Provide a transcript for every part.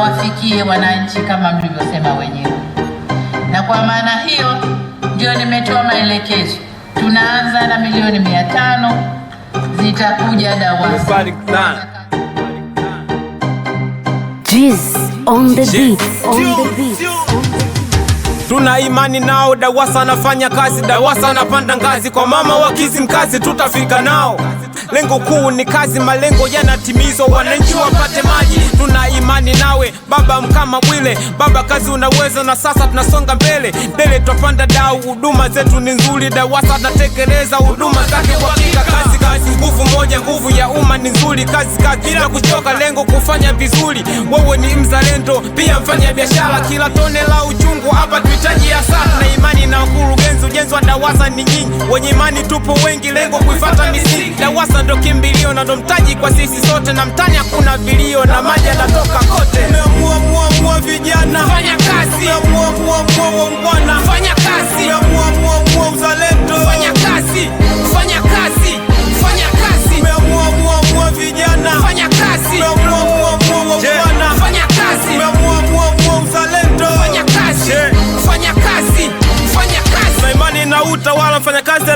yawafikie wananchi kama mlivyosema wenyewe, na kwa maana hiyo ndio nimetoa maelekezo. Tunaanza na milioni mia tano zitakuja DAWASA. Tuna imani nao, DAWASA anafanya kazi, DAWASA anapanda ngazi, kwa mama wa Kizimkazi tutafika nao lengo kuu ni kazi, malengo yanatimizwa, wananchi wapate maji. Tuna imani nawe Baba Mkama Bwile, Baba kazi unaweza, na sasa tunasonga mbele mbele, twapanda dau, huduma zetu ni nzuri. DAWASA natekeleza huduma zake kwa kika kazi kazi, nguvu moja, nguvu ya umma ni nzuri, kazi kazi bila kuchoka, lengo kufanya vizuri. Wewe ni mzalendo pia mfanya biashara, kila tone la uchungu hapa tuhitaji hasa na imani na ukuru wenye imani tupo wengi, lengo kuifuata misingi. Lawasa ndo kimbilio na ndo mtaji kwa sisi sote, na mtani hakuna vilio na maji yanatoka kote. Tumeamua mua vijana, fanya kazi. Tumeamua mua mua fanya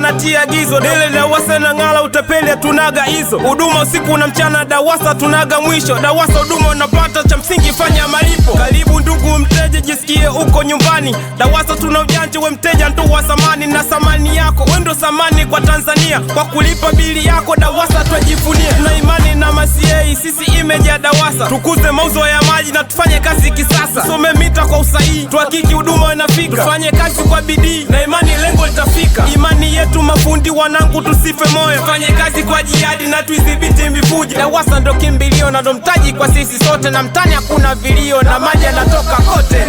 anatia gizo dele DAWASA na ng'ala utapeli hatunaga hizo huduma usiku na mchana DAWASA tunaga mwisho DAWASA huduma unapata cha msingi fanya malipo karibu ndugu mteje jisikie uko nyumbani DAWASA utu na ujanja, we mteja ndo wa zamani na samani yako we ndo samani kwa Tanzania. Kwa kulipa bili yako DAWASA twajivunia, tuna imani na masiei, sisi image ya DAWASA. Tukuze mauzo ya maji na tufanye kazi kisasa, tusome mita kwa usahihi, tuhakiki huduma inafika, tufanye kazi kwa bidii na imani, lengo litafika. Imani yetu mafundi wanangu, tusife moyo, tufanye kazi kwa jihadi na tuidhibiti mivuja. DAWASA ndo kimbilio na ndo mtaji kwa sisi sote, na mtani hakuna vilio na maji yanatoka kote.